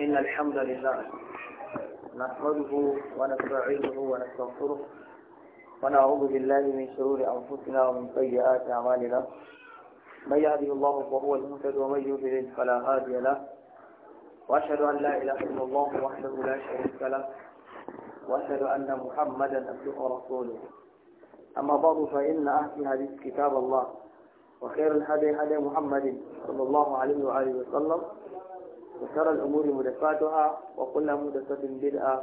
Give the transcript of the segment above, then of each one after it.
إن الحمد لله نحمده ونستعينه ونستغفره ونعوذ بالله من شرور أنفسنا ومن سيئات أعمالنا من يهده الله فهو المهتد ومن يضلل فلا هادي له وأشهد أن لا إله إلا الله وحده لا شريك له وأشهد أن محمدا عبده ورسوله أما بعد فإن أهل حديث كتاب الله وخير الهدي هدي محمد صلى الله عليه وآله وسلم وشر الأمور مدفاتها وكل مدفة بدعة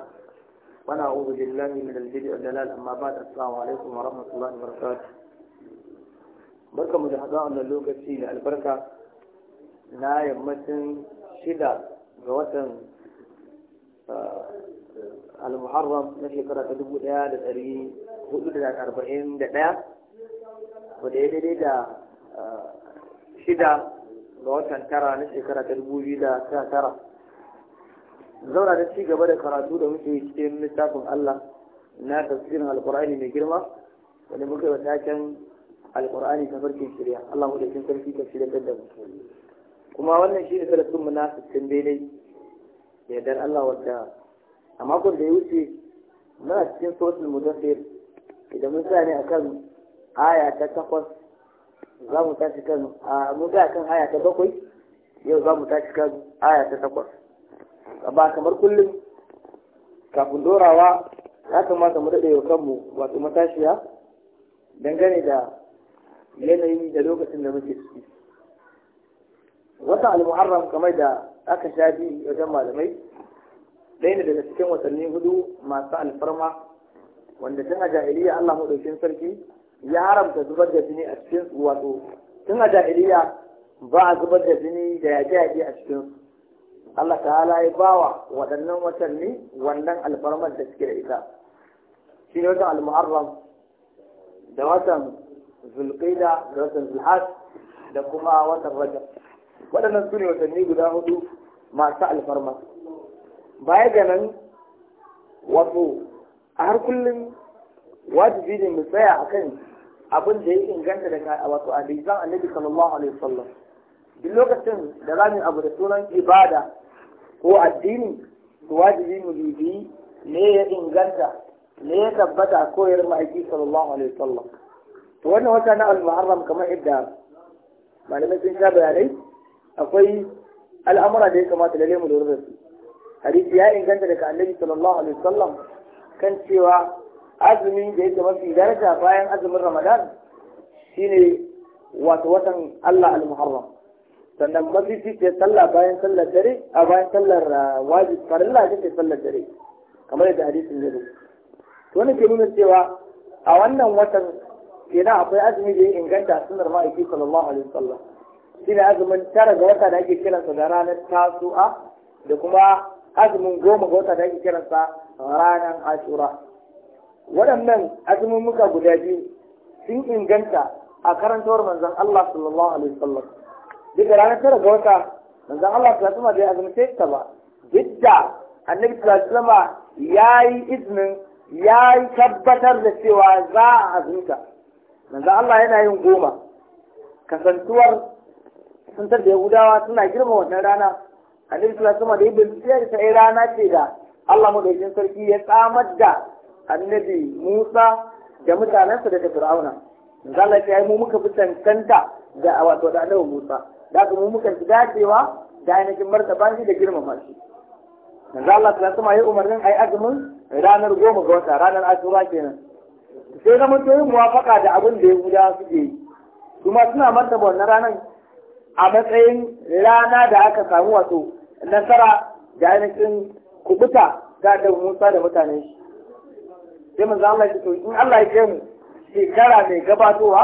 ونعوذ بالله من البدع والدلال أما بعد السلام عليكم ورحمة الله وبركاته barka mu da haɗa wannan lokaci da albarka na yammacin shida ga watan al-muharram na shekara ta dubu ɗaya da ɗari hudu da arba'in da ɗaya wadda ya daidai da shida ga watan tara na shekara ta dubu biyu da sha tara zauna da ci gaba da karatu da muke yi cikin littafin Allah na tafsirin alkur'ani mai girma wanda muka yi taken alkur'ani ta farkin shirya Allah mu da kin sarki ta shirya da mu kuma wannan shi ne darasin mu na sittin daidai ya yardar Allah wadda a makon da ya wuce muna cikin sosul mudassir idan mun sa ne akan aya ta takwas za mu tashi kan a muga kan aya ta bakwai yau za mu tashi kan aya ta takwas amma kamar kullum kafin dorawa ya kamata mu daɗe wa kanmu wato matashiya dangane da yanayi da lokacin da muke ciki wata al-muharram kamar da aka shafi bi wajen malamai ɗaya ne daga cikin watanni hudu masu alfarma wanda tun a jahiliya Allah maɗaukin sarki ya haramta zubar da jini a cikin wato tun a jahiliya ba a zubar da jini da ya yaƙe a cikin Allah ta'ala ya bawa waɗannan watanni wannan alfarmar da suke da ita shi ne watan al-muharram da watan zulqida da watan zulhas da kuma watan rajab waɗannan su ne watanni guda hudu masu alfarma baya ga nan wato a har kullum wajibi ne mu tsaya akan abin da ya inganta daga wato hadisan annabi sallallahu alaihi wasallam duk lokacin da za mu abu da sunan ibada ko addini to wajibi mu bibi me ya inganta me ya tabbata ko ya ma'aiki sallallahu alaihi wasallam to wannan wata na al-muharram kamar idda malamai sun sha bayanai akwai al'amura da ya kamata lalle mu lura da su hadisi ya inganta daga annabi sallallahu alaihi wasallam kan cewa azumi da yake mafi daraja bayan azumin ramadan shine wato watan Allah al-muharram sannan mafi fice sallah bayan sallar dare a bayan sallar ah, wajib farilla ke sallar dare kamar yadda hadisin ya to ne ke nuna cewa a wannan watan kenan akwai azumi da ya inganta a sunar ma'aiki sallallahu alaihi wasallam shine azumin tara ga wata da ake kiransa da ranar tasu'a da kuma azumin goma ga wata da ake kiransa ranar ashura waɗannan azumumuka guda biyu sun inganta a karantawar manzan Allah sallallahu alaihi wasallam duk ranar tara ga wata manzan Allah sallallahu alaihi wasallam bai azumce ta ba duk da annabi sallallahu alaihi yi izinin, iznin yi tabbatar da cewa za a azumta Manzan Allah yana yin goma kasantuwar kasantar da Yahudawa suna girma wannan rana annabi sallallahu alaihi wasallam da ya bincike ta rana ce da Allah madaukakin sarki ya tsamar da annabi Musa da mutanensa daga Fir'auna Allah ya mu muka fi tantanta da wato da annabi Musa da ga mu muka dacewa da ainihin martaba shi da girmama shi manzo Allah ta sama yi umarnin ai azumin ranar goma ga wata ranar asura kenan sai zama to yin muwafaka da abin da Yahudawa suke yi kuma suna martaba wannan ranar a matsayin rana da aka samu wato nasara da ainihin kubuta ga da Musa da mutanen shi sai manzo Allah ya to in Allah ya kai mu shekara mai gabatowa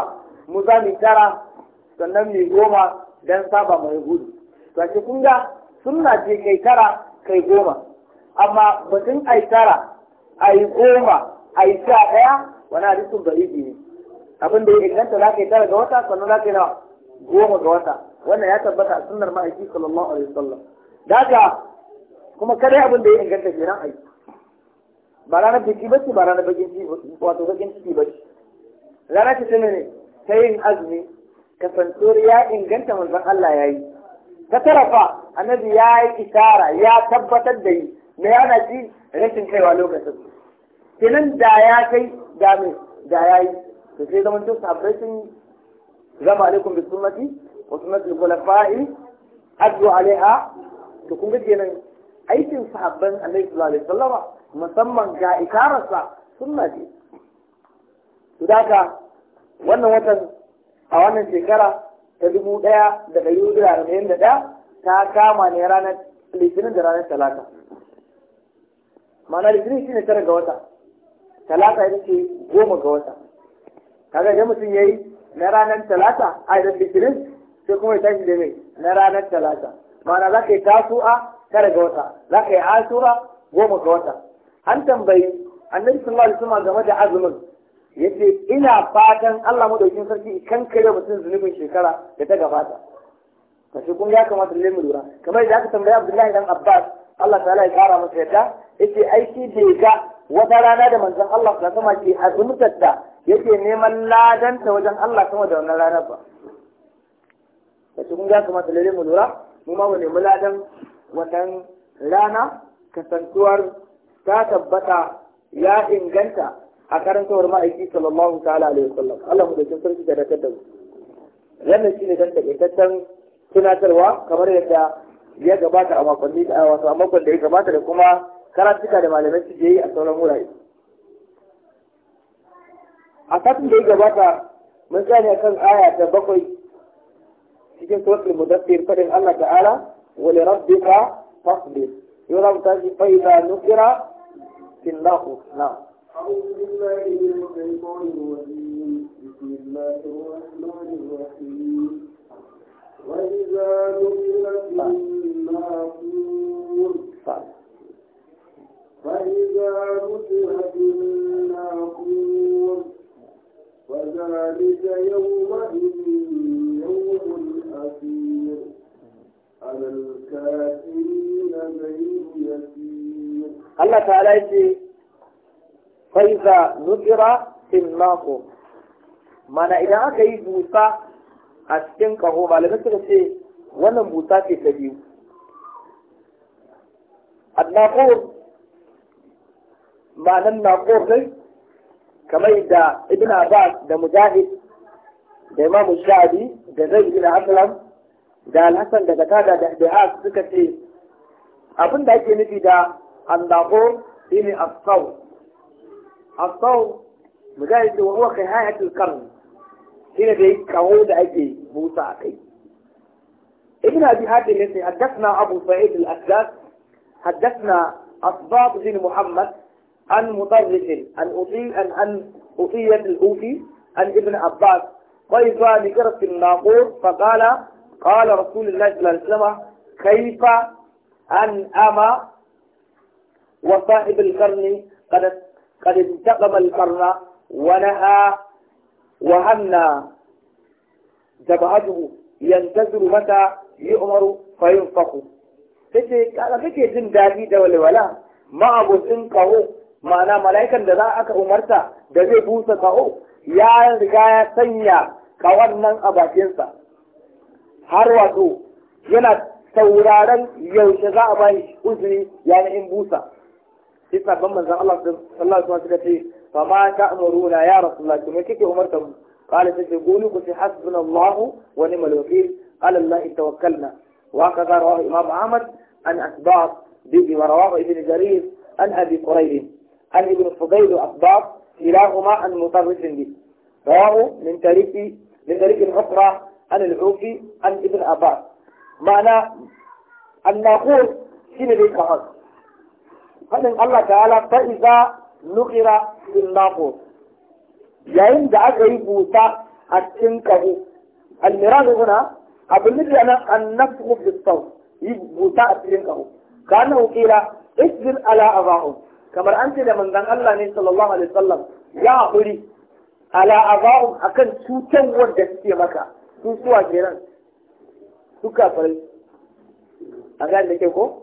mu za mu tara sannan mu goma dan saba mai gudu to a kun ga sunna ce kai tara kai goma amma batun ai tara ai goma ai sha daya wani hadisin bariji ne abin da ya inganta za ka yi tara ga wata sannan za ka yi goma ga wata wannan ya tabbata a sunnar ma'aiki sallallahu alaihi wasallam daga kuma kada abin da ya inganta kenan aiki ba ranar biki ba ce ba ranar bakin ciki wato bakin ciki ba ce rana ce ta ne ta yin azumi kasantuwar ya inganta manzon Allah ya yi ta tarafa annabi ya yi isara ya tabbatar da yi me yana ci rashin kaiwa lokacin kenan da ya kai da me da ya yi to sai zaman to sahabbai sun zama alaikum bi wa sunnati al-khulafa'i addu alaiha to kun ga kenan aikin sahabban annabi sallallahu alaihi wasallama musamman ga ikararsa sunna ce su daga wannan watan a wannan shekara ta dubu ɗaya da ɗari da arba'in da ɗaya ta kama ne ranar litinin da ranar talata ma'ana litinin shi ne tara ga wata talata ita ce goma ga wata kaga idan mutum ya yi na ranar talata a idan litinin sai kuma ya tashi da mai na ranar talata ma'ana za ka yi a tara ga wata za ka yi asura goma ga wata an tambayi annabi sallallahu alaihi wasallam game da azumin yace ina fatan Allah madaukin sarki kan kare mutun zunubin shekara da ta gabata kashi kun ya kamata lalle mu lura kamar da aka tambaya Abdullahi dan Abbas Allah ta'ala ya kara masa yadda yace aiki da ga wata rana da manzon Allah sallallahu alaihi wasallam ke azumtar yake neman ladanta wajen Allah sama da wannan ranar ba kashi kun ga kamata lalle mu lura mu ma mu nemi ladan watan rana kasantuwar ta tabbata ya inganta a karantawar ma'aiki sallallahu ta'ala alaihi wasallam Allah mu da kin sarki da dakar da mu wannan shine dan takaitaccen tunatarwa kamar yadda ya gabata a makonni da wasu a makon da ya gabata da kuma karatuka da malamai su yi a sauran wurare a satin da ya gabata mun tsaya kan aya ta bakwai cikin suratul mudaffir fadin Allah ta'ala wa li rabbika fasbir yau za mu tashi fa'ida idza nukira الله نعم أعوذ بالله من الشيطان الرجيم بسم الله الرحمن الرحيم وإذا نزلت الناقور فإذا نزلت الناقور وذلك يومئذ يوم أثير على الكافرين غير يسير Allah ta'ala ce faiza nukira in mako mana idan aka yi busa a cikin kaho malamai suka ce wannan busa ce ta biyu annaqur ma'anar naqur dai kamar da ibn abbas da mujahid da imam shabi da zai ibn aslam da alhassan da katada da ihdihas suka ce abin da ake nufi da الناقور إني الصوت الصوت مجالس وهو خهاية القرن هنا في كعود أجي موسى أخي ابن أبي هاتم الذي حدثنا أبو سعيد الأسداد حدثنا أصباط بن محمد عن مطرس عن أطيل عن عن أطية الأوفي عن ابن عباس كيف نكرت الناقور فقال قال رسول الله صلى الله عليه وسلم كيف أن أما وصاحب القرن قد قد انتقم القرن ونهى وهنا جبهته ينتظر متى يؤمر فينفخ Kada kake jin dadi da walwala ma abun ma'ana mala'ikan da za aka umarta da zai busa kaho ya riga ya sanya kawar nan a bakinsa har wato yana sauraron yaushe za a bayi uzuri yayin in busa sai sabon manzon Allah sallallahu alaihi wasallam suka ce fa ma ta'muruna ya rasulullah kuma kike umarta mu qala sai ce qulu ku hasbuna Allah wa ni'mal wakeel qala Allah tawakkalna wa kaza rawahu imam Ahmad an asbab bihi wa rawahu ibn jarir an abi qurayb an ibn fudayl asbab كلاهما عن مطرف به رواه من طريق من طريق أخرى عن العوفي عن ابن عباس معنى أن نقول شنو ذيك هذا faɗin Allah ta'ala ta iza nukira fil naqur yayin da aka yi busa a cikin kaho almiran guna abin da nan annafu bis saw yi busa a cikin kaho kana ukira isbir ala abahu kamar an ce da manzon Allah ne sallallahu alaihi wasallam ya hakuri ala abahu akan cutan wanda suke maka su suwa kenan suka fare a ga da ke ko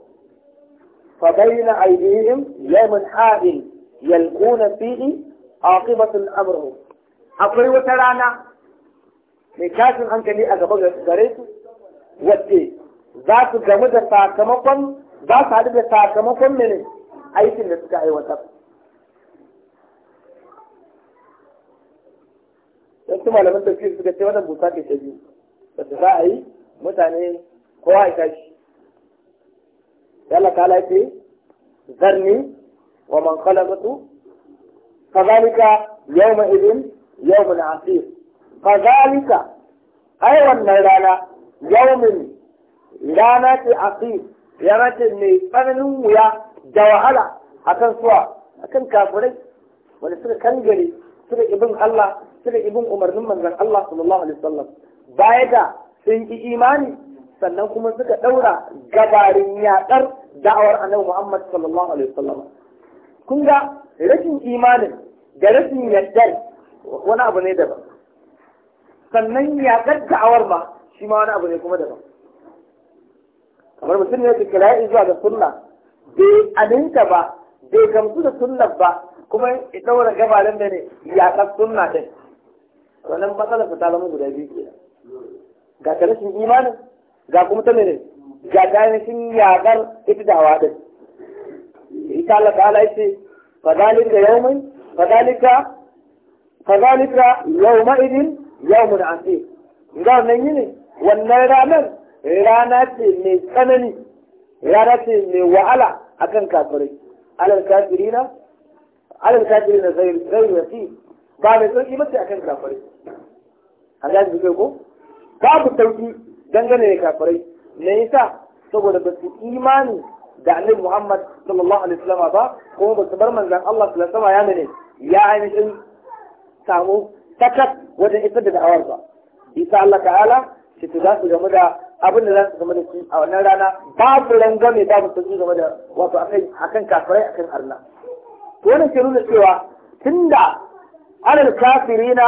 فبين أيديهم يوم حاد يلقون فيه عاقبة الأمر أقول وترانا لكاس أنك لي أقبل دريت وتي ذات جمد ساكمكم ذات عدد ساكمكم من أيت النسكاء وتب Yantu malaman tafiyar suka ce wannan busa ke shaju, ba su za a yi mutane kowa ya tashi. Allah ta lafi zarni wa man khalaqatu kazalika yawma idin yawmun asir kazalika ai wannan rana yawmin rana ce asir Ya ce mai tsananin wuya da wahala akan suwa akan kafirai wanda suka kangare suka ibin Allah suka ibin umarnin manzon Allah sallallahu alaihi wasallam baya ga sun ki imani sannan kuma suka daura gabarin yaƙar da'awar annabi Muhammad sallallahu alaihi wasallam kun ga rashin imanin da rashin yaddar wani abu ne daban sannan yaƙar da'awar ma shi ma wani abu ne kuma daban kamar mutum ne kira ya zuwa ga sunna bai aminta ba bai gamsu da sunna ba kuma ya daura gabalin da ne yaƙar sunna din wannan matsalar ta zama guda biyu ga rashin imanin ga kuma ta ne ga sun yagar ita da hawa ɗin ita Allah ta'ala yace fadalika yawmin fadalika fadalika yawma idin yawmun asir ga yi yini wannan ranar rana ce mai tsanani rana ce mai wa'ala akan kafirai alal kafirina alal kafirina zai zai wasi ba mai sauki ba ce akan kafirai an gaji ko babu sauki dangane da kafirai me yasa saboda ba su imani da annabi Muhammad sallallahu alaihi wasallam ba kuma ba su bar manzon Allah sallallahu alaihi wasallam ya mene ya ainihin samu takat wajen isar da da'awar ba isa Allah ta'ala shi to za su game da abin da za su game da shi a wannan rana babu rangame babu sauki game da wato akan akan kafirai akan arna to wannan ke nuna cewa tunda alal kafirina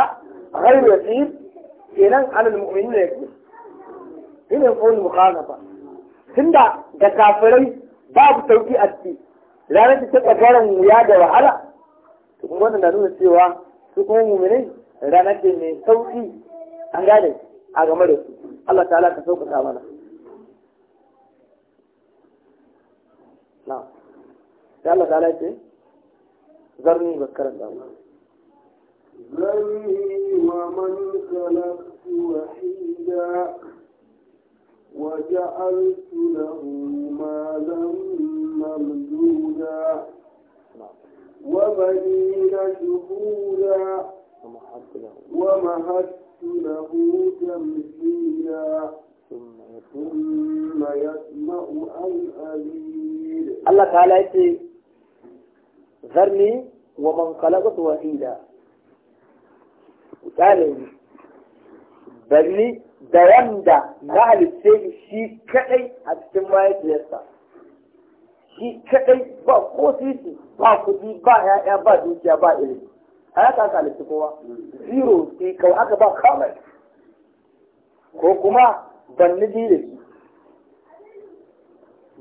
ghairu yasir kenan alal mu'minina yasir ina ƙaunin mukhalafa tunda da kafirai babu sauki a ciki ranar da ta tsakarin wuya da wahala to kuma wannan na nuna cewa su kuma muminai ranar da mai sauki an gane a game da su Allah ta'ala ka sauƙaƙa mana na'am sai Allah ta'ala ce zarni bakkaran da ذرني na su wahida وجعلت له مالا ممدودا وبنين شهودا ومهدت له تمثيلا ثم يسمع أن أزيد الله تعالى يقول ذرني ومن خلقت وحيدا وقال برني da wanda na halitta shi kadai a cikin mahaifiyarsa shi kadai ba ko sisi ba kudi ba ya'ya ba dukiya ba iri, a ya ka halitta kowa zero sai kawai aka ba kamar ko kuma ban ni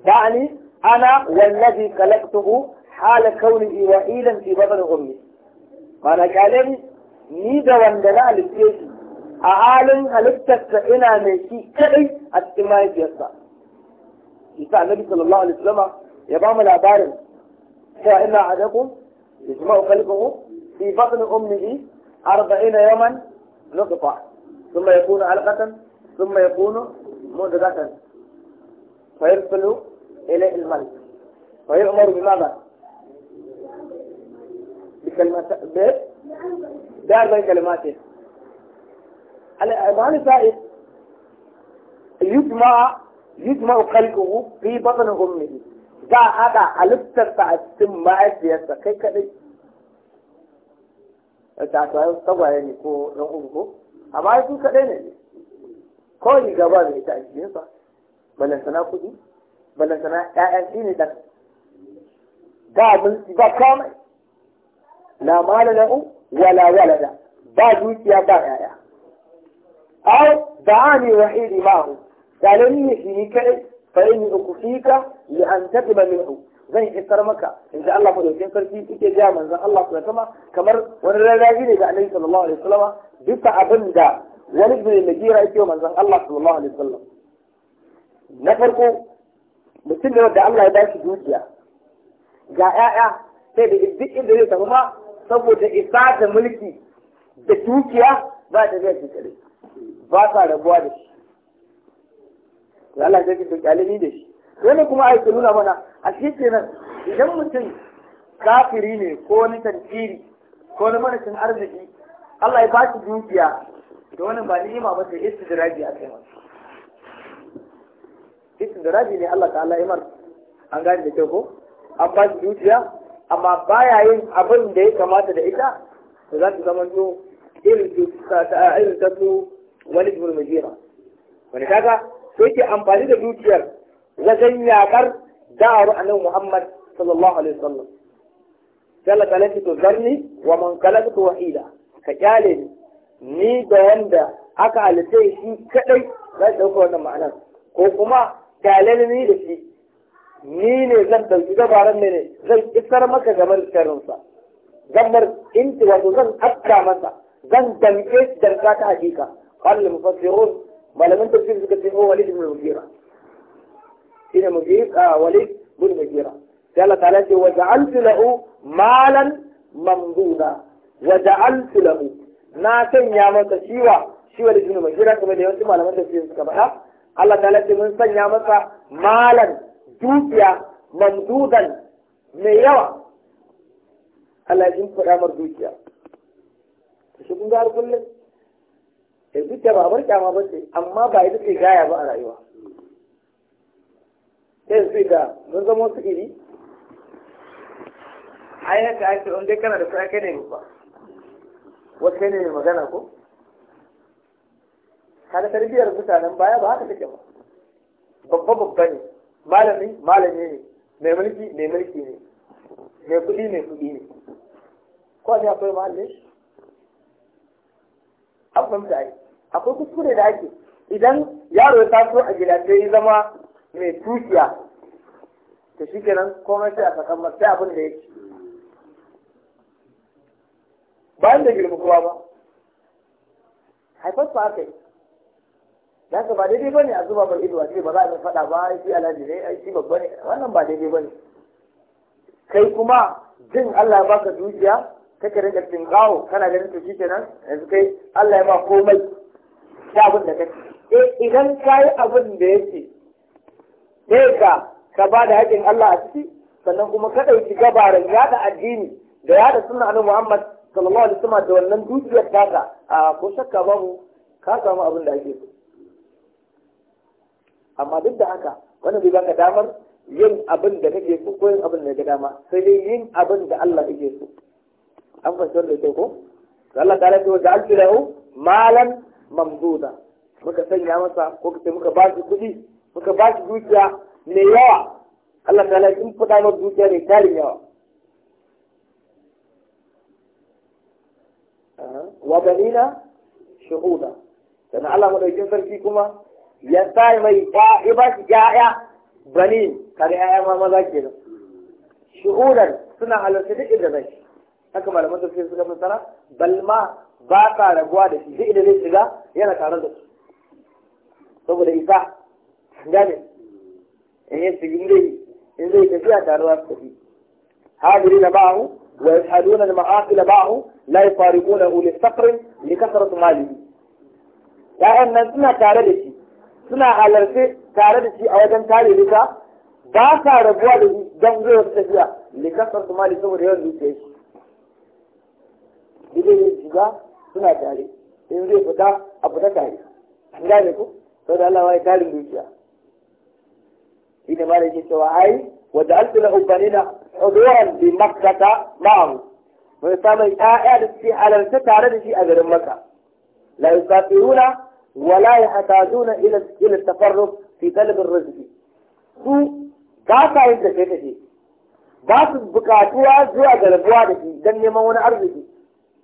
da ni ana wallazi khalaqtuhu hala kauni wa ilan fi badal ummi mana kyale ni da wanda na halitta shi a halin ta ina mai shi kadai a cikin mahaifiyarsa isa annabi sallallahu alaihi wasallam ya ba mu labarin cewa ina adakum yajma'u qalbuhu fi batni ummihi 40 yawman nutfa thumma yakunu alqatan thumma yakunu mudghatan fa yarsilu ilayhi al-malik fa yu'maru bimadha بكلمات ب ده 40 كلمات الإعلان سائد يجمع يجمع خلقه في بطن أمه za a haɗa halittarsa a cikin mahaifiyarsa kai kaɗai ta tagwaye ne ko ɗan uku ko amma su kaɗai ne ko riga ba mai ita a cikinsa balantana kuɗi balantana ƴaƴan shi ne ɗan ba ba kamai la mala wala walada ba dukiya ba أو دعاني وحيدي معه قالني فيك فإني أكفيك لأن تقبل منه zan isar maka in ji Allah madaukakin sarki kike ga manzon Allah kuma sama kamar wani rarraji ne ga Annabi sallallahu alaihi wasallam bisa abin da wani bin Nagira yake wa manzon Allah sallallahu alaihi wasallam na farko mutum da Allah ya ba shi dukiya ga 'ya'ya sai da duk inda zai tafi saboda isa da mulki da tukiya ba ta zai kaɗai. ba sa rabuwa da shi to Allah ya fito kyalimi da shi wani kuma ai ke nuna mana a cikin kenan idan mutum kafiri ne ko wani tantiri ko wani marashin arziki Allah ya ba shi dukiya da wani ba ni'ima ba sai istidraji a kai masa istidraji ne Allah ta'ala ya mar an gane da kyau ko an ba shi dukiya amma baya yin abin da ya kamata da ita da za ta zama irin ta su walid ibn mujira wani kaga sai ke amfani da dukiyar wajen yakar da'aru a annabi muhammad sallallahu alaihi wasallam jalla kalati to zarni wa man kalatu wahida ka kyale ni ni da wanda aka halitta shi kadai za ta dauka wannan ma'anar ko kuma kyale ni da shi ni ne zan ɗauki dabaran ne ne zan isar maka gamar sharrinsa bar inti wato zan afka masa zan damƙe shi damƙa ta hakika قال المفسرون ما لم تفسير سكتين هو وليد بن المغيرة هنا مجيب آه وليد بن المغيرة قال تعالى وجعلت له مالا ممدودا وجعلت له na sanya masa shiwa shi wani jini mai jira kuma da yawancin malaman da suke suka faɗa Allah ta lafi mun sanya masa malan dukiya mamdudan mai yawa Allah ya jin faɗa mar dukiya kun sai eh, duk da ba bar kyama ba ce amma ba ita ce gaya ba a rayuwa sai su da mun zama su iri ai haka ake on dai kana da su kai ne ba wasu kai ne mai magana ko kada tarbiyyar mutanen baya ba haka take ba babba babba ne malami malami ne mai mulki mai mulki ne mai kuɗi mai kuɗi ne ko ne akwai mahallin akwai mutane akwai kuskure da ake idan yaro ya taso a gida sai ya zama mai tukiya Ta shi kenan komai sai a sakan sai abin da ya Ba bayan da girma kuma ba haifar su aka yi ya ka ba daidai bane a zuba mai ido a ba za a yi faɗa ba yi shi alhaji ne ai shi babba ne wannan ba daidai bane kai kuma jin Allah ya baka dukiya kake rinka tinkawo kana ganin to shi kenan yanzu kai Allah ya ba komai da abin da kake eh, idan ka yi abin da yake sai ka ka ba da haƙƙin Allah a ciki sannan kuma ka ɗauki gabaran yaɗa addini da yada suna annabi Muhammad sallallahu alaihi wasallam da wannan dukiyar taka a ko shakka mu ka samu abin da ake so amma duk da haka wannan bai baka damar yin abin da kake so ko yin abin da ka dama sai dai yin abin da Allah kake so an fahimci wanda ya ko Allah ta rage wa ja'altu lahu malam mamduda muka sanya masa ko kace muka ba shi kuɗi muka ba shi dukiya mai yawa Allah ta in fada masa dukiya mai tarin yawa wa banina shuhuda dan Allah madaukin sarki kuma ya sai mai ba ya ba shi ya'ya banin kare ya'ya ma maza kenan shuhudan suna halarta da idan zai haka malaman tafsir suka fassara balma ba ka rabuwa da shi duk inda zai shiga yana tare da su saboda isa gane in yi sigin zai in zai tafiya tare da su tafi hadiri na ba'ahu wa yashhaduna al-ma'asi la ba'ahu la yafariquna li saqrin li kasrati malihi ya'an nan suna tare da shi suna halarce tare da shi a wajen tare da ba sa rabuwa da shi don zuwa su tafiya li kasrati malihi saboda yawan zuciyar shi idan shiga suna tare in zai fita a fita tare an gane ku sau da Allah ya tarin dukiya shi ne malam yake cewa ai wadda alfi na ubani na tsoron bi makkata ma'amu mai samun ƴaƴa da suke halarta tare da shi a garin makka la yusafiruna ولا يحتاجون ila إلى التفرغ في طلب الرزق. su ba sa yin tafiye-tafiye ba su bukatuwa zuwa garbuwa da shi don neman wani arziki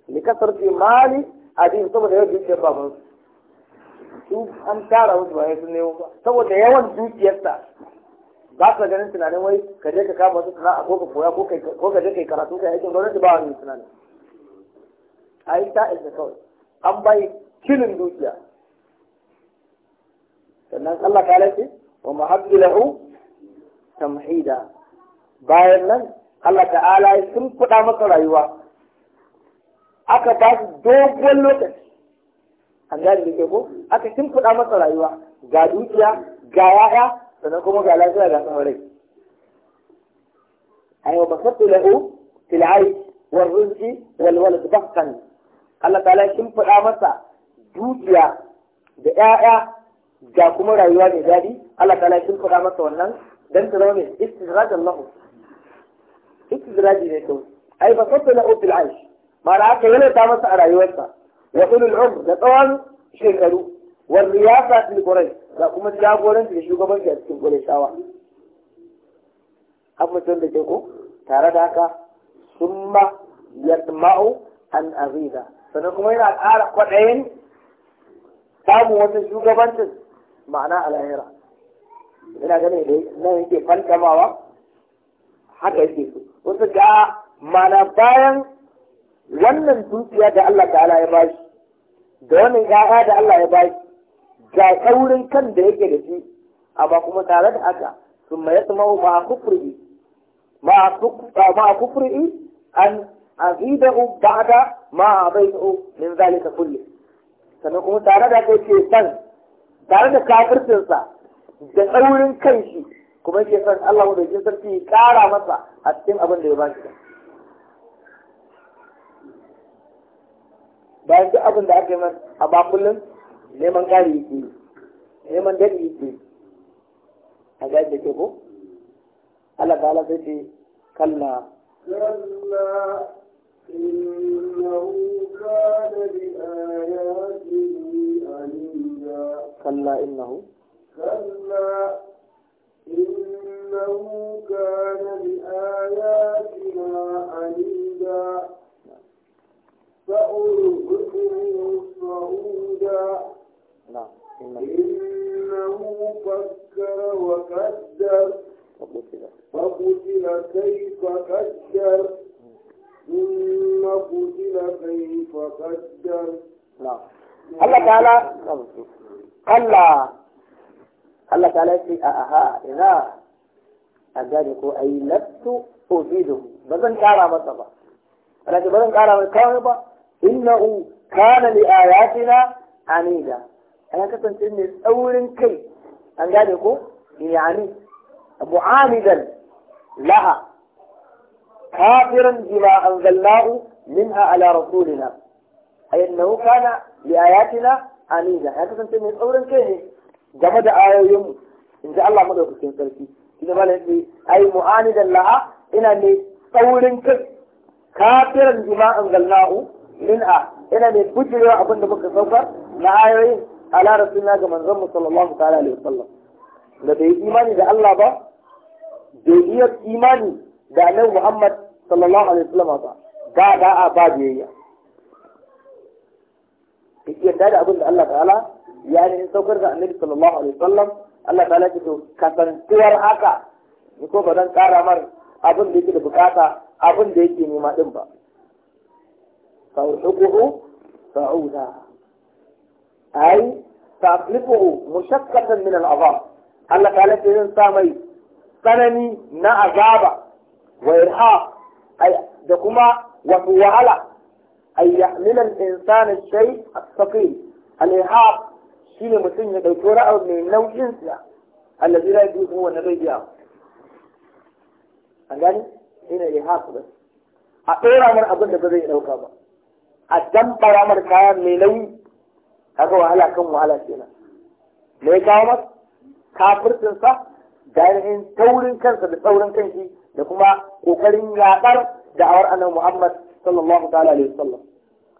likasar a abin saboda yawan dukiyar baban su an tara musu ba sun nemo ba saboda yawan dukiyarsa ba ka ganin tunanin wai ka je ka kama su sana'a ko ka koya ko ka je kai karatu kai aikin gwamnati ba wani tunanin a yi ta isa kawai an bai kilin dukiya sannan Allah ka laifi wa mahabbi lahu tamhida bayan nan Allah ta'ala ya sun kuɗa masa rayuwa aka ba su dogon lokaci an gane da ko aka shimfiɗa masa rayuwa ga dukiya ga yaya sannan kuma ga lafiya ga samarai a yau basattu lahu fil wani wal rizqi wal walad bakkan Allah Ta ta'ala shimfiɗa masa dukiya da yaya ga kuma rayuwa mai daɗi Allah Ta ta'ala shimfiɗa masa wannan dan ta zama mai istirajin Allah istirajin ne to ai basattu lahu fil aish ba da haka yana ta masa a rayuwarsa wa ulul umr da tsawon shekaru wa ya fil quraish da kuma jagoranci da shugabanci a cikin qurayshawa an mutum da ke ko tare da haka summa yatma'u an azida sannan kuma yana ƙara kwaɗayin samun wata shugabancin ma'ana a lahira ina ganin da nan yake fantamawa haka yake so wasu ga mana bayan wannan dukiya da Allah ta'ala ya bashi da wannan 'ya'ya da Allah ya bashi ga saurin kan da yake da shi amma kuma tare da haka sun mai yasa mahu ma kufri ma kufri an azidahu ba'da ma abaitu min zalika kulli sannan kuma tare da kai ke san tare da kafircinsa da tsaurin kan shi kuma ke san Allah da sarki ya kara masa a cikin abin da ya bashi bayan duk abin da aka yi a bakullin, neman ƙari yake neman daɗi yake a gaji da ke ko Allah ta sai ce kalla kalla إنه كان بآياته عليا كلا إنه كلا إنه كان بآياتنا فألقه صعودا نعم إنه فكر وقدر فقتل كيف قدر ثم كيف قدر نعم الله تعالى الله الله تعالى يقول أها إذا أجاركو أي لست أزيده بزن كارا بطبع ولكن بزن كارا بطبع Innau kana li ayatina anida ya kasance mai tsaurin kai an gane ko yani mu'amidan laha kafiran bima anzalnahu minha ala rasulina ay annahu kana li ayatina anida ya kasance mai tsaurin kai ne game da ayoyinmu in ji Allah madaukakin sarki shi ne malam ce ai mu'anidan laha ina mai tsaurin kai kafiran bima anzalnahu min'a ina mai bujirewa abin da muka saukar na ayoyin ala rasulina ga manzon musallallahu sallallahu ta'ala alaihi wasallam da bai imani da Allah ba bai iya imani da annabi Muhammad sallallahu alaihi wasallam ba ga da a ba Kike yadda da abinda da Allah ta'ala ya ne saukar da annabi sallallahu alaihi wasallam Allah ta'ala ce to kasantuwar haka ni ko ba zan kara mar abin da yake da bukata abin da yake nema din ba فألحقه صعودا أي سأخلفه مشقة من العذاب Allah ta halatta yin sa mai tsanani na azaba wa irha da kuma wato wahala ay yahmil al insana shay as-saqil al irha shine mutum ya dauki ra'ayi mai nauyin sa allazi la yuzu wa nabiya an gani a abin da ba zai ba a damfara mar kaya mai nauyi kaga wahala kan wahala kenan me ya kawo masa kafircin sa da ainihin taurin kansa da taurin kanki da kuma kokarin yaɗar da'awar annabi Muhammad sallallahu ta'ala alaihi wasallam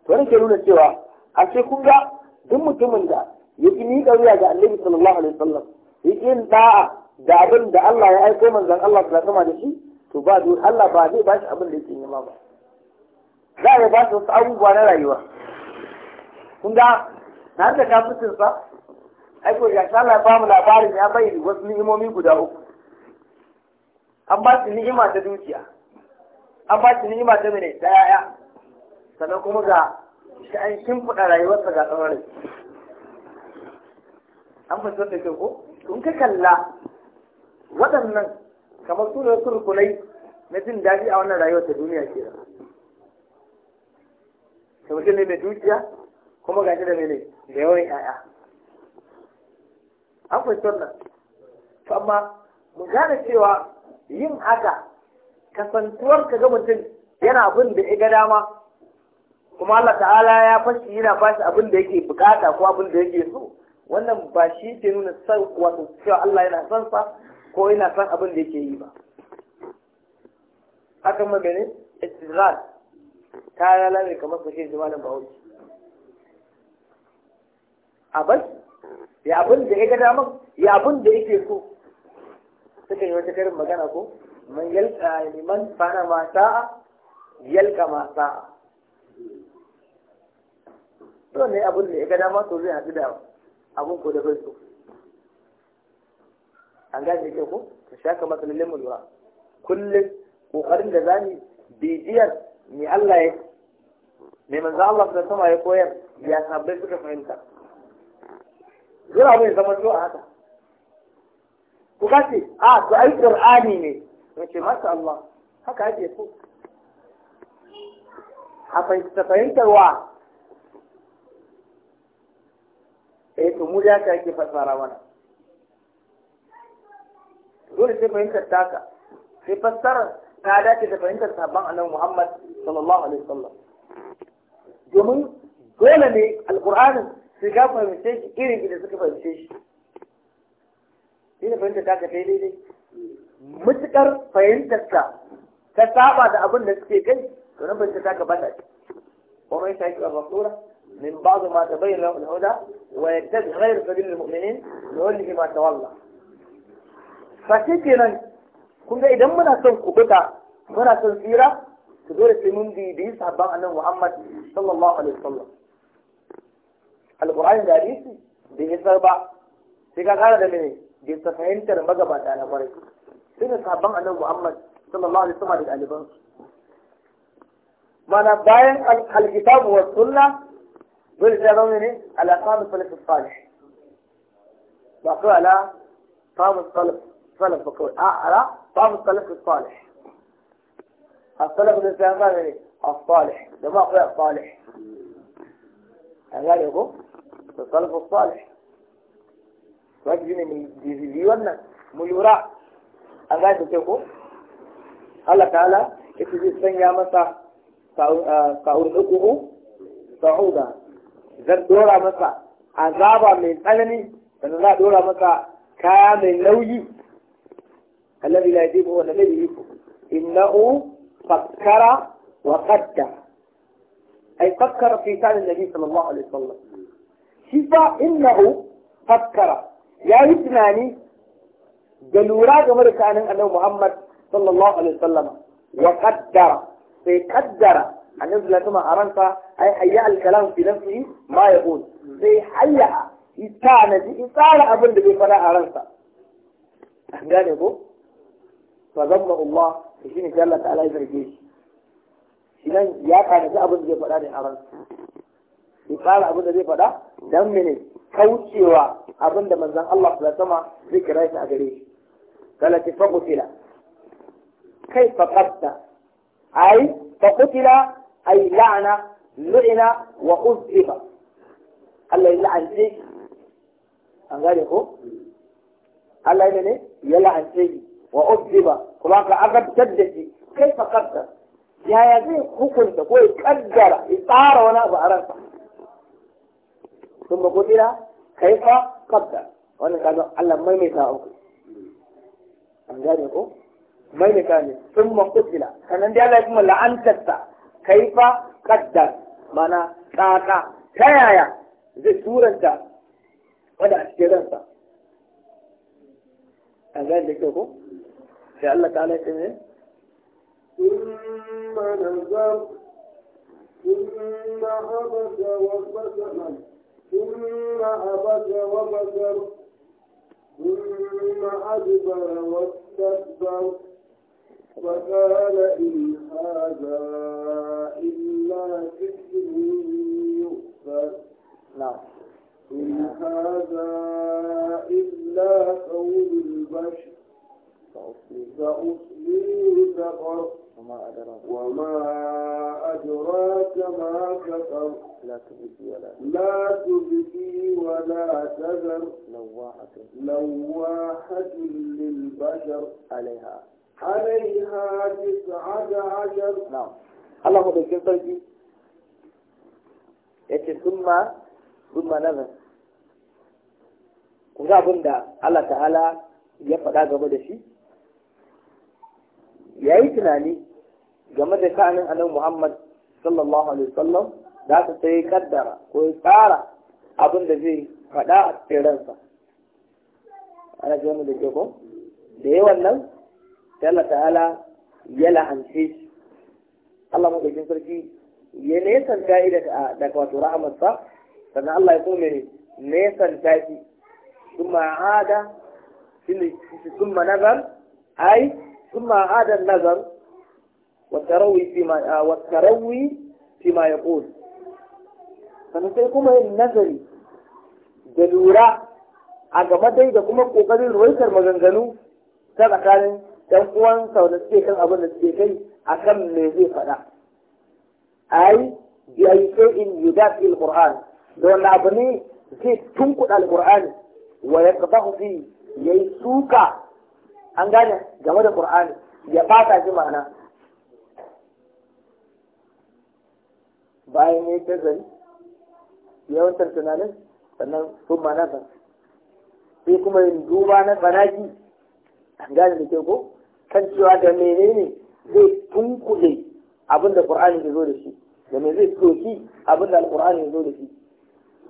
to ne ke nuna cewa a ce kun ga duk mutumin da ya ki niƙa wuya ga annabi sallallahu alaihi wasallam ya ki yin da'a da abin da Allah ya aiko manzon Allah sallallahu alaihi da shi to ba Allah ba zai ba shi abin da yake nema ba za a ba su wasu abubuwa na rayuwa kun ga na har da kafin sa aiko ya sha Allah ba mu labarin ya bayyana wasu ni'imomi guda uku an ba su ni'ima ta dukiya an ba su ni'ima ta mene ta yaya sannan kuma ga sha'an shin shimfiɗa rayuwarsa ga tsawon rai an fahimta da ke ko in ka kalla waɗannan kamar su ne wasu rukunai na jin daɗi a wannan rayuwar ta duniya ke to mutum ne mai dukiya kuma gashi da mene da yawan yaya an fahimci wannan to amma mu gane cewa yin haka kasantuwar ka ga mutum yana abin da ga dama kuma Allah ta'ala ya fashi yana fashi abin da yake bukata ko abin da yake so wannan ba shi ke nuna san wato cewa Allah yana son sa ko yana son abin da yake yi ba haka ma mene ta rana mai kamar fashe da malam wuce abin ya abin da ya ga damar ya abin da yake so suka yi wata karin magana ko man yalka liman fana ma sa'a yalka ma sa'a to ne abin da ya ga dama to zai haɗu da abin ko da bai so an gaji ke ko ka shaka matsalolin mu lura kullum kokarin da za ni bibiyar me Allah ya me manzo Allah da sama ya koyar ya sabbai suka fahimta yana abin zama zo a haka ku kace a to ai qur'ani ne ce masha Allah haka ake so a fahimta fahimtarwa eh to mu ya ka yake fasara mana dole sai fahimtar taka sai fassarar ta dace da fahimtar sabon annabi Muhammad sallallahu alaihi wasallam domin dole ne alqur'ani su ga fahimce shi irin da suka fahimce shi shi ne fahimtar ta ka daidai mutukar fahimtar ta ta saba da abin da suke kai to nan fahimtar ta ka bata ce ومن يشاكل الرسول من بعض ما تبين له الهدى ويتبع غير سبيل المؤمنين نولي ما تولى فشكرا kun ga idan muna son kubuta muna son tsira to dole sai mun bi da sahabban annabi Muhammad sallallahu alaihi wasallam alqur'ani da hadisi da isar ba sai ka kara da mene da ta fahimtar magabata na kwarai sai da sahabban annabi Muhammad sallallahu alaihi wasallam da ɗaliban mana bayan alkitabu wa sunna dole sai zama ne ala samu salafin salih ba kawai ala samu salafin السلف بقول أعلى آه، طعم السلف الصالح الإنسان ما يعني الصالح ده ما قرأ الصالح أغاني أبو السلف الصالح واجبني من دي وانا ميورا أغاني تتوكو الله تعالى إتجي سنيا مسا سعود أكوه سعودا zan dora masa azaba mai tsanani sannan za أنا dora masa kaya mai nauyi الذي لا يجيبه هو الذي يجيبه إنه فكر وقدر أي فكر في فعل النبي صلى الله عليه وسلم شفا إنه فكر يا إثناني جلورا جمر كان أنه محمد صلى الله عليه وسلم وقدر قدر أن ينزل ثم أرنفا أي حياء الكلام في نفسه ما يقول في حياء يتعنى يتعنى أبن فلا أرنفا أهداني أبو fa zamma Allah shi ne sai Allah ta'ala ya zarge shi nan ya kanaci abin da zai faɗa ne a ran ya fara abin da zai faɗa dan mene kaucewa abin da manzon Allah sallallahu alaihi wasallam zai kira shi a gare shi kala ta faqutila kai faqatta ai faqutila ai la'ana lu'ina wa uzhiba Allah ya la'ance an gane ko Allah ya ne ya la'ance shi wa ujiba kuma ka azabtar da shi kai fa ya yaya zai hukunta ko ya kaddara tsara wani abu a ransa sun ba kudira kai fa kaddar wannan kaga Allah maimaita uku an gane ko maimaita ne sun ma kudira Kana da Allah ya kuma la'antarsa kai fa kaddar mana tsaka ta yaya zai turanta wanda a cikin ransa an gane da kyau ko sai Allah ta'ala ya ce ثم نظر ثم عبس وبسر ثم عبس وبسر ثم أدبر واستكبر وقال إن هذا إلا سحر يؤثر نعم إن هذا إلا قول البشر سأصليه سقر وما أدراك وما أدراك ما سقر لا تبكي ولا لا تبكي ولا تذر لواحة لواحة للبشر عليها عليها تسعة عشر نعم الله بكر طيبي yace summa summa nazar kun ga abin da Allah ta'ala ya faɗa game da shi ya yi tunani game da sha'anin annabi Muhammad sallallahu alaihi wasallam za ta sai kaddara ko ya tsara abin da zai faɗa a cikin sa. ana ji wani da ke ko da yawan nan Allah ta'ala ya la'ance shi Allah madaukin sarki ya nesan ta'i daga wato rahamarsa sannan Allah ya kuma ne nesan ta'i ثم عاد kuma nazar ai ثم عاد النظر والتروي فيما والتروي فيما يقول فنسيكم النظري da lura a game dai da kuma ƙoƙarin ruwaitar maganganu ta tsakanin ɗan uwan sau da kan abin da suke kai a kan me zai faɗa ai bi ai sai in yudat il qur'an da wannan abu ne zai tunkuɗa al qur'an wa yaqdahu fi yayi suka an gane game da ƙur'ani ya fata shi ma'ana bayan ya yi ta ya wata tunanin sannan sun ma nasa sai kuma yin duba na banaki, an gane da ke ko kan cewa da menene zai tunkule abin da ƙur'ani ya zo da shi da me zai soki abin da alqur'ani ya zo da shi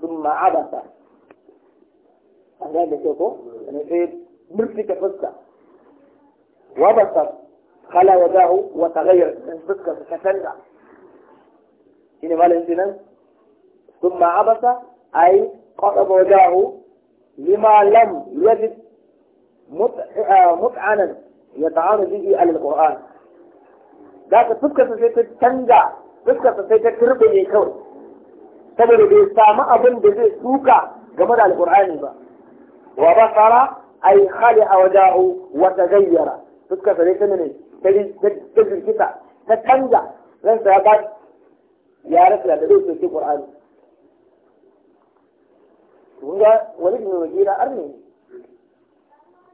sun ma'abasa an gane da ke ko sai murtika fuska وبصر خلا وداه وتغير من صدق كتنع هنا ما لنزنا ثم عبس أي قطب وداه لما لم يجد آه، متعنا يتعان به أهل القرآن ذاك صدق كتنجع صدق كتنجع يكون تبدو سامع أبن بذي سوكا جمد القرآن وبصر أي خلع وداه وتغير Suka sare ta mene ta jirkita ta canza zan sa ba ya rasa da zai soke qur'ani wanda ga wani ne mugira arne ne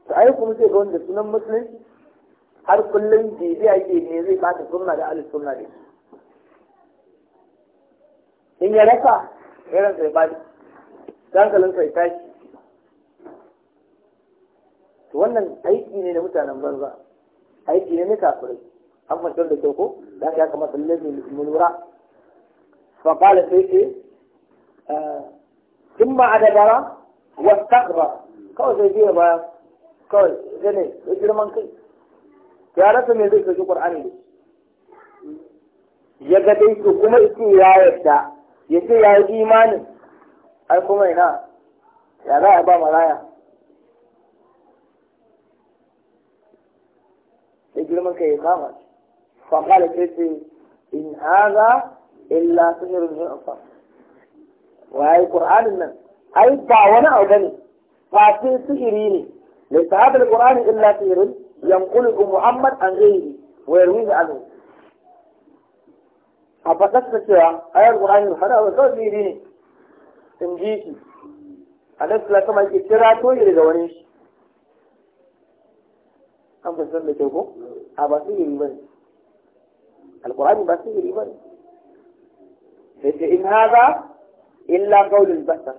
to ai kuma sai ga wanda sunan musulunci har kullum a yake ne zai bata sunna da alis sunna ne in ya rasa ya rasa ya bani dankalin sai tashi wannan aiki ne da mutanen banza aiki ne na kafirai an fahimtar da kyau ko da ya kamata lalle mu lura fa kala sai ce ah, Tun ba a dabara wa takbar kawai zai biya baya kawai zai ne ya girman kai ya rasa ne zai kashi qur'ani ne ya ga dai su kuma yake ya yarda ya ce ya yi imanin ai kuma ina ya za a ba maraya girman kai ya kama shi fa qala in haza illa sihrun yu'fa waye qur'anin nan ai ba wani abu bane fatin sihiri ne laysa hadha alqur'an illa sihrun yanqulu muhammad an ghairi wa yarwihi anhu a fadarsa cewa ayar qur'ani hada ba kawai sihiri ne in ji shi a nan kira to daga wani shi an fahimtar da kyau ko a ba sihiri ba ne alkur'ani ba sihiri ba ne sai ce in haza illa kaulin basar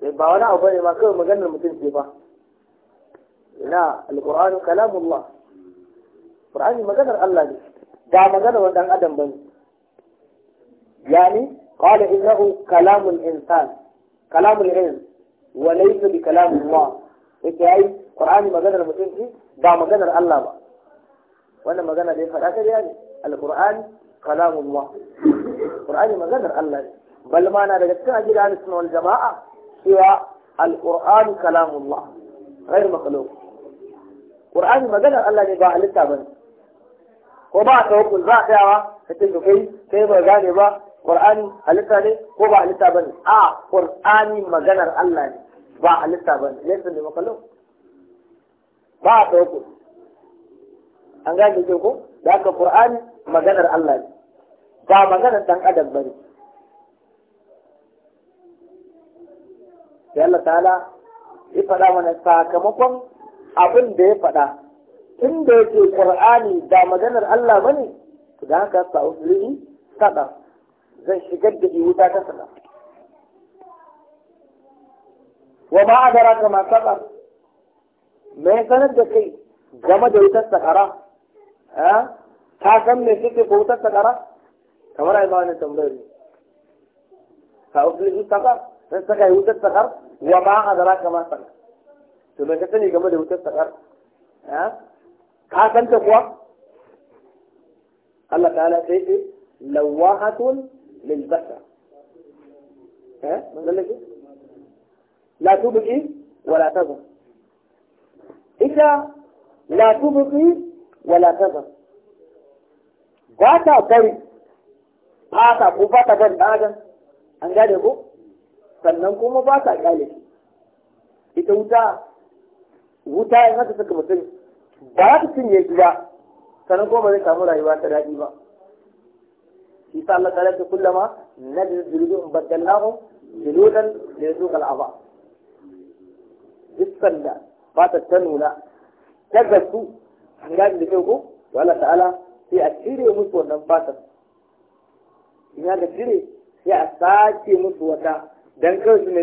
sai ba wani abu ne ma kawai maganar mutum ce ba ina alkur'ani kalamullah alkurani maganar Allah ne Da maganar wani dan adam bane yani qala innahu kalamul insan kalamul ins wa laysa bi kalamullah yake ai qur'ani maganar mutum ce ba maganar Allah ba wannan magana da ya faɗa ta ne alquran kalamullah qur'ani maganar Allah ne bal ma na daga cikin ajira da sunan jama'a cewa alquran kalamullah غير مخلوق قرآن maganar Allah ne ba alitta bane ko ba tawakkul ba tsayawa ka ce kai kai ba gane ba Qur'ani halitta ne ko ba halitta bane a Qur'ani maganar Allah ne ba halitta bane laysa ne makhluq ba a ɗauku an gane ke ko da aka ƙur'ani maganar Allah ne ba maganar ɗan adam ba ne sai Allah ta'ala ya faɗa mana sakamakon abin da ya faɗa tun da yake ƙur'ani da maganar Allah ba ne da haka sa'udri sada zan shigar da wuta ta sada wa ma adraka ma sada mai sanar da kai game da wutar sakara ta san me suke ko wutar sakara kamar ai ba wani tambayar ka ta sakar sai saka yi wutar sakar wa a zara kama sakar to me ka sani game da wutar sakar ka san ta kuwa Allah ta sai ce lawahatun lil basar eh lalle la tubqi wala tazun ita la tubqi wala tazar ba ta bari ta ko ba ta bari daga an gane ko sannan kuma ba ta kyale ita wuta wuta in aka saka mutum ba ta cinye shi ba sannan kuma ba zai samu rayuwa ta daɗi ba shi sa Allah ta'ala ta kullama nadir jiludun baddallahu jiludan da ya zo kal'aba duk sanda fatar ta nuna ta gasu an da kyau ko Allah ta'ala sai a cire musu wannan fatar in aka cire sai a sace musu wata dan kawai su ne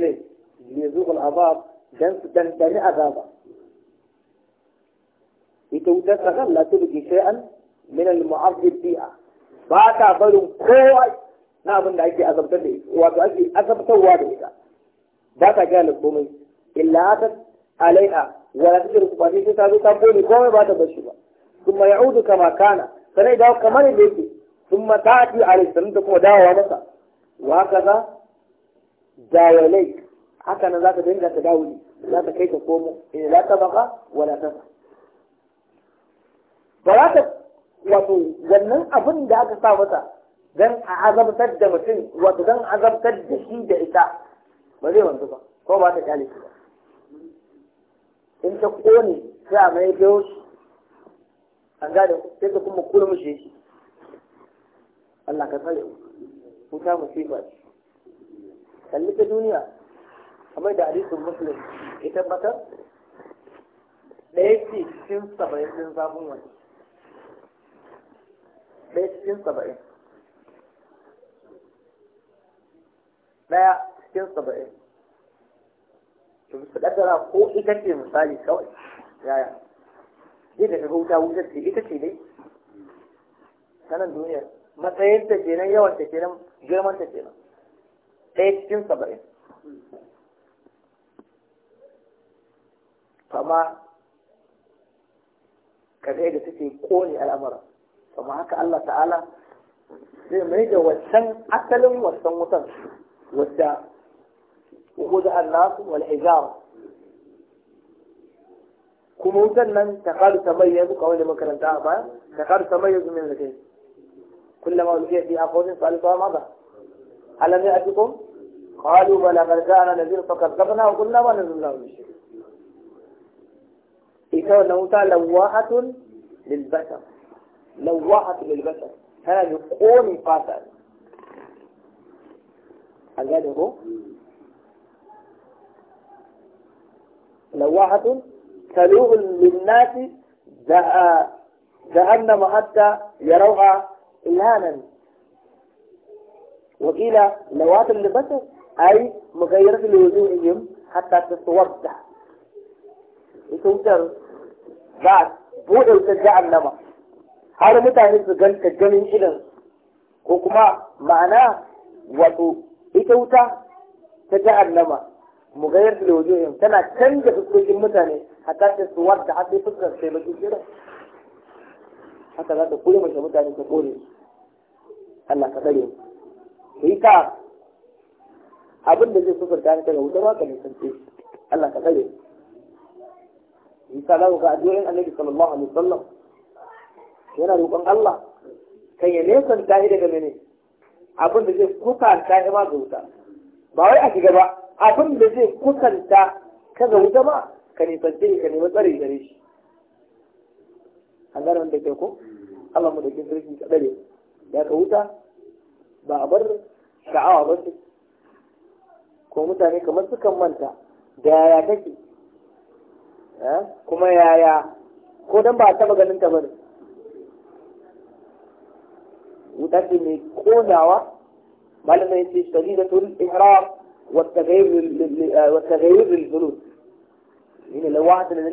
ne zuƙul azab dan su dandani azaba ita wutar sakan da ke shay'an min al-mu'azzib bi'a ba ta barin kowa na abin da ake azabtar da ita wato ake azabtarwa da ita ba ta gane komai illa ta alaiha wala cikin rukuba ne sai ta zo ta bone ko ba ta bashi ba sun ya ya'udu kama kana sanai dawo kamar yadda yake sun ta ati a rai sanin ta kuma dawowa masa wa haka za dawalai haka nan za ka dinga ta dawo ne za ta kai ta komo in eh, la ta baka wala ta ba ba ta wato wannan abin da aka sa mata dan a azabtar da mutum wato dan azabtar da shi da ita ba zai wanzu ba ko ba ta kyale ba in ta kone sai a mai biyo shi an gada sai ta kuma kura mushe shi Allah ka tsare ta musifa ce kalli ta duniya kamar da hadisin musulun ya tabbatar ɗaya ce cikin saba'in ɗin zafin wani ɗaya cikin saba'in ɗaya cikin saba'in to su ko ita ce misali kawai yaya zai da kaga wuta wutar ce ita ce dai sanan duniya matsayin ta kenan yawanta ta kenan girman ta kenan ɗaya cikin saba'in fama kaga da take kone al'amura kuma haka Allah ta'ala zai mai da wasan asalin wasan wutan wadda وخذ الناس والحجارة كموتا من تقال تميز كوين من كرنتا ما تقال تميز من الكيس كلما وجه في أخوز فالتوا ماذا هل لم يأتكم قالوا بلى قد جاءنا نذير فكذبنا وقلنا ما نزل لهم الشرك إذا نوتا لواحة للبشر لواحة للبشر هذا يقوم قاتل هل هذا هو؟ لواحة تلوه للناس جهنم حتى يروها إلهانا وقيل لواحة لبشر أي مغيرة لوجوههم حتى تتوضع يتوتر بعد بوء الكجاء النمى هذا متى يجب أن تجمعين حلم وكما معناه وقو يتوتر تجاء النمى mugayar da yin tana canza fuskokin mutane a ta su wadda haɗe fuskar sai mafi kira haka za ta kure mace mutane ta kore Allah ka tsare ku yi ka abin da zai kusur ta daga wutar waka ne sun ce Allah ka tsare yi ka za ku ga addu'o'in annabi sallallahu alaihi wasallam yana roƙon Allah kan ya ta yi daga mene abin da zai kuka ta ma ga wuta ba wai a shiga ba abin da zai kusanta ka ga wuta ba ka nisanci ka nemi tsari gare shi an gane wanda ke ko Allah mu da kin sarki ka dare ya ka wuta ba a bar sha'awa ba su ko mutane kamar sukan manta da yaya take kuma yaya ko dan ba a taba ganin ta ba ne wuta ce mai kodawa malamai ce shari'a tul ihram والتغيير آه، والتغيير للبنود يعني لو واحد من